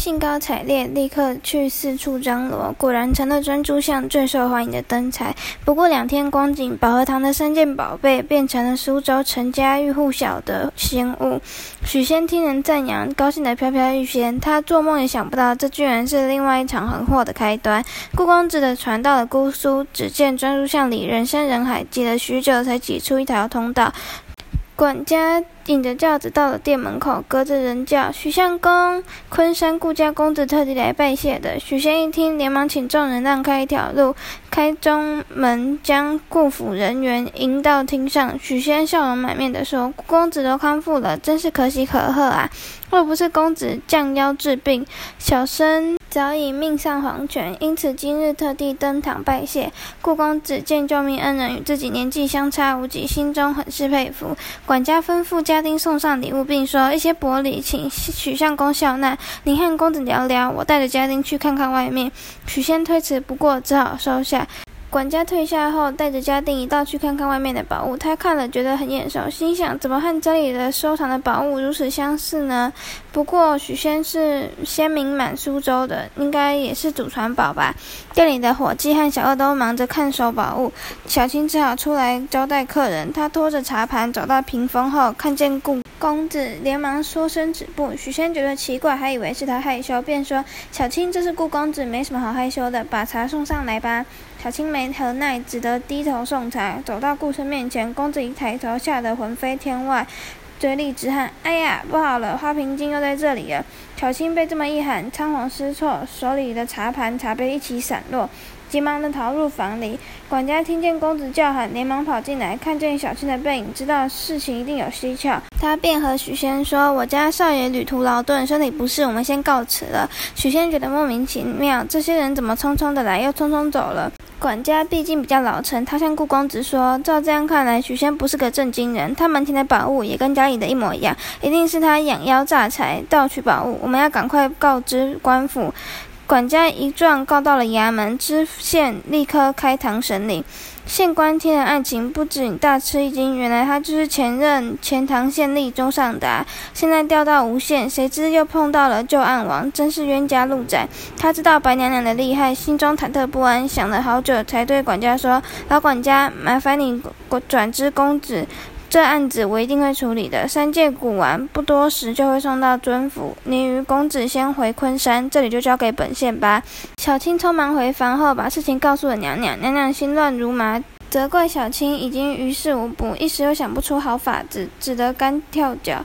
興高采烈，立刻去四處張羅，果然成了專諸巷最受歡迎的燈彩。不過兩天光景，寶和堂的三件寶貝變成了蘇州城家喻戶曉的仙物。許仙聽人讚揚，高興得飄飄欲仙。他做夢也想不到，這居然是另外一場橫禍的開端。顧公子的船到了姑蘇，只見專諸巷裡人山人海，擠了許久才擠出一條通道。管家引着轎子到了店門口，隔着人叫：“許相公，昆山顧家公子特地來拜謝的。”許仙一聽，連忙請眾人讓開一條路，開中門將顧府人員迎到廳上。許仙笑容滿面的說：“公子都康復了，真是可喜可賀啊！若不是公子降妖治病，小生……”早已命喪黃泉，因此今日特地登堂拜謝。顧公子見救命恩人與自己年紀相差無幾，心中很是佩服。管家吩咐家丁送上禮物，並說一些薄禮，請許相公笑納。您和公子聊聊，我帶着家丁去看看外面。許仙推辭不過，只好收下。管家退下後，帶着家丁一道去看看外面的寶物。他看了，覺得很眼熟，心想：怎麼和家裡的收藏的寶物如此相似呢？不過許仙是仙名滿蘇州的，應該也是祖傳寶吧。店裡的夥計和小二都忙着看守寶物，小青只好出來招待客人。他拖着茶盤走到屏風後，看見顧公子，連忙說聲止步。許仙覺得奇怪，還以為是他害羞，便說：“小青，這是顧公子，沒什麼好害羞的，把茶送上來吧。”小青沒。何奈只得低頭送茶，走到顧生面前，公子一抬頭，嚇得魂飛天外，嘴裡直喊：“哎呀，不好了，花瓶精又在這裡了！”小青被這麼一喊，倉皇失措，手裡的茶盤、茶杯一起散落。急忙地逃入房裡。管家聽見公子叫喊，連忙跑進來，看見小青的背影，知道事情一定有蹊蹺。他便和許仙說：“我家少爺旅途勞頓，身體不適，我們先告辭了。”許仙覺得莫名其妙，這些人怎麼匆匆的來，又匆匆走了。管家畢竟比較老成，他向顧公子說：“照這樣看來，許仙不是個正經人。他門前的寶物也跟家裡的一模一樣，一定是他養妖詐財，盜取寶物。我們要趕快告知官府。”管家一狀告到了衙門，知縣立刻開堂審理。縣官聽了案情，不禁大吃一驚，原來他就是前任錢塘縣令鍾尚達，現在調到吳縣，誰知又碰到了舊案王，真是冤家路窄。他知道白娘娘的厲害，心中忐忑不安，想了好久，才對管家說：“老管家，麻煩你轉知公子。”這案子我一定會處理的。三件古玩不多時就會送到尊府，您與公子先回昆山，這裡就交給本縣吧。小青匆忙回房後，把事情告訴了娘娘。娘娘心亂如麻，責怪小青已經於事無補，一時又想不出好法子，只得乾跳腳。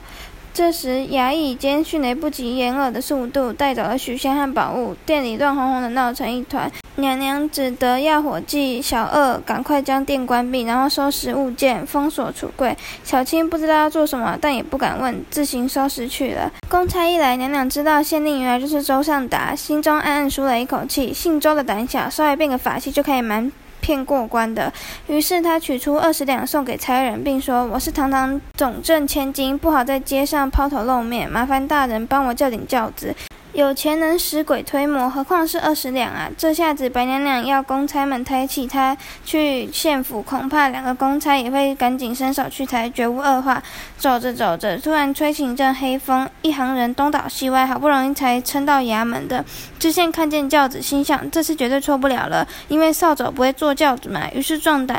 這時，衙役以迅雷不及掩耳的速度帶走了許仙和寶物，店裡亂哄哄的，鬧成一團。娘娘只得要夥計、小二趕快將店關閉，然後收拾物件，封鎖櫥櫃。小青不知道要做什麼，但也不敢問，自行收拾去了。公差一來，娘娘知道縣令原來就是周尚達，心中暗暗舒了一口氣。姓周的膽小，稍微變個法器就可以瞞騙過關的。於是她取出二十兩送給差人，並說：“我是堂堂總鎮千金，不好在街上拋頭露面，麻煩大人幫我叫頂轎子。”有錢能使鬼推磨，何況是二十兩啊！這下子白娘娘要公差們抬起她去縣府，恐怕兩個公差也會趕緊伸手去抬，絕無二話。走着走着，突然吹起一陣黑風，一行人東倒西歪，好不容易才撐到衙門的知縣看見轎子，心想這次絕對錯不了了，因為掃帚不會坐轎子嘛。於是壯膽，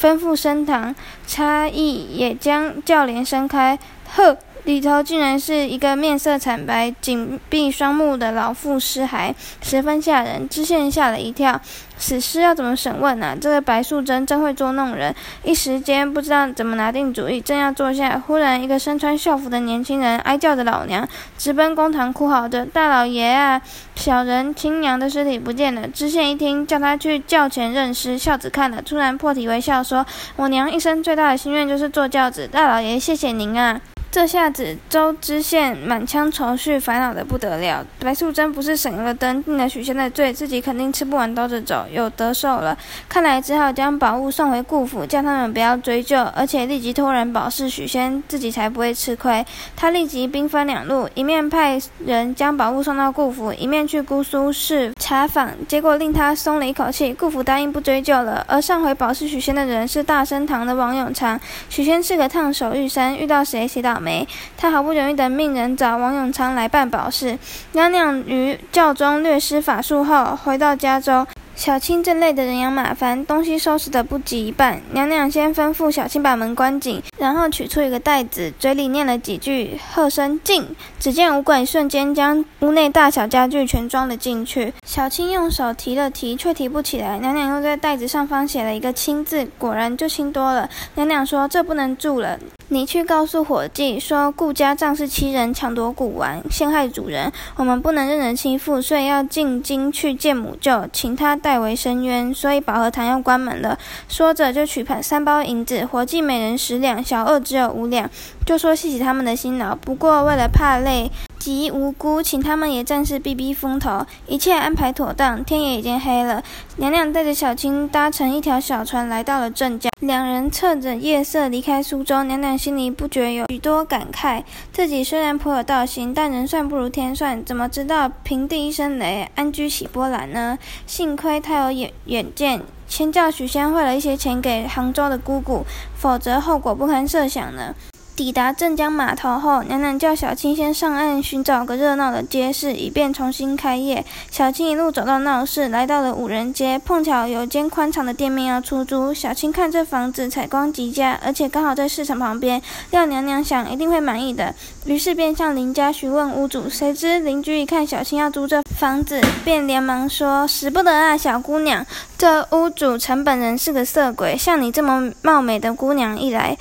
吩咐升堂差役也將轎簾升開，呵。裡頭竟然是一個面色慘白、緊閉雙目的老婦屍骸，十分嚇人。知縣嚇了一跳，此事要怎麼審問啊？這個白素貞真會捉弄人，一時間不知道怎麼拿定主意，正要坐下，忽然一個身穿校服的年輕人哀叫着：“老娘！”直奔公堂，哭嚎着：“大老爺啊，小人親娘的屍體不見了！”知縣一聽，叫他去轎前認屍。孝子看了，突然破涕為笑，說：“我娘一生最大的心願就是坐轎子，大老爺，謝謝您啊！”這下子，周知縣滿腔愁緒，煩惱得不得了。白素貞不是省油的燈，定了許仙的罪，自己肯定吃不完兜着走。有得受了，看來只好將寶物送回顧府，叫他們不要追究，而且立即托人保釋許仙，自己才不會吃虧。他立即兵分兩路，一面派人將寶物送到顧府，一面去姑蘇市查訪。結果令他鬆了一口氣，顧府答應不追究了。而上回保釋許仙的人是大生堂的王永昌，許仙是個燙手玉山，遇到誰誰倒。沒，他好不容易的命人找王永昌來辦保釋。娘娘於轎中略施法術後，回到家中，小青正累得人仰馬翻，東西收拾得不及一半。娘娘先吩咐小青把門關緊，然後取出一個袋子，嘴裡念了幾句，喝聲進。只見五鬼瞬間將屋內大小家具全裝了進去。小青用手提了提，卻提不起來。娘娘又在袋子上方寫了一個“輕”字，果然就輕多了。娘娘說：“這不能住了。”你去告訴夥計，說顧家仗勢欺人，搶奪古玩，陷害主人，我們不能任人欺負，所以要進京去見母舅，請他代為申冤。所以保和堂要關門了。說着就取盤三包銀子，夥計每人十兩，小二只有五兩，就說謝謝他們的辛勞。不過為了怕累，極無辜，請他們也暫時避避風頭。一切安排妥當，天也已經黑了。娘娘帶着小青搭乘一條小船來到了鎮江，兩人趁着夜色離開蘇州。娘娘心裡不覺有許多感慨：自己雖然頗有道行，但人算不如天算，怎麼知道平地一聲雷，安居起波瀾呢？幸虧她有遠見，先叫許仙匯了一些錢給杭州的姑姑，否則後果不堪設想呢。抵達鎮江碼頭後，娘娘叫小青先上岸尋找個熱鬧的街市，以便重新開業。小青一路走到鬧市，來到了五人街，碰巧有間寬敞的店面要出租。小青看這房子採光極佳，而且剛好在市場旁邊，料娘娘想一定會滿意的，於是便向鄰家詢問屋主。誰知鄰居一看小青要租這房子，便連忙說：“使不得啊，小姑娘！”這個、屋主陳本人是個色鬼，像你這麼貌美的姑娘一來，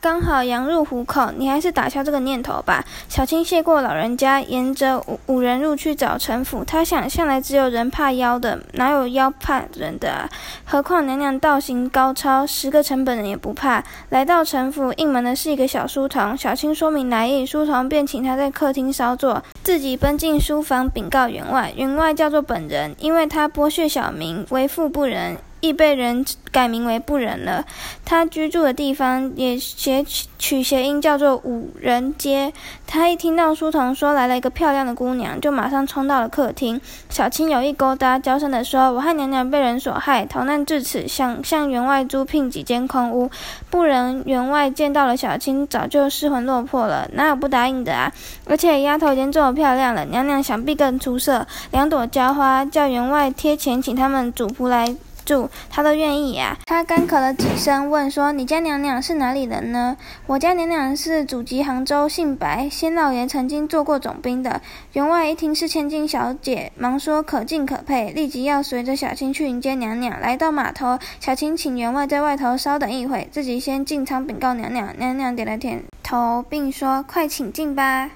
剛好羊入虎口，你還是打消這個念頭吧。小青謝過老人家，沿着五五人入去找陳府。他想，向來只有人怕妖的，哪有妖怕人的啊？何況娘娘道行高超，十個陳本人也不怕。來到陳府，應門的是一個小書童。小青說明來意，書童便請他在客廳稍坐，自己奔進書房稟告員外。員外叫做本人，因為他剝削小民，為富不。人。亦被人改名為不仁了。他居住的地方也諧取諧音叫做五人街。他一聽到書童說來了一個漂亮的姑娘，就馬上衝到了客廳。小青有意勾搭，嬌聲的說：“我和娘娘被人所害，逃難至此，想向員外租聘幾間空屋。”不仁不仁員外見到了小青，早就失魂落魄了，哪有不答應的啊？而且丫頭已經這麼漂亮了，娘娘想必更出色。兩朵嬌花叫員外貼錢請他們主僕來。住，他都願意呀、啊。他乾咳了幾聲，問說：“你家娘娘是哪裡人呢？”我家娘娘是祖籍杭州，姓白，先老爺曾經做過總兵的。員外一聽是千金小姐，忙說：“可敬可佩。”立即要隨着小青去迎接娘娘。來到碼頭，小青請員外在外頭稍等一會，自己先進艙稟告娘娘。娘娘點了點頭，並說：“快請進吧。”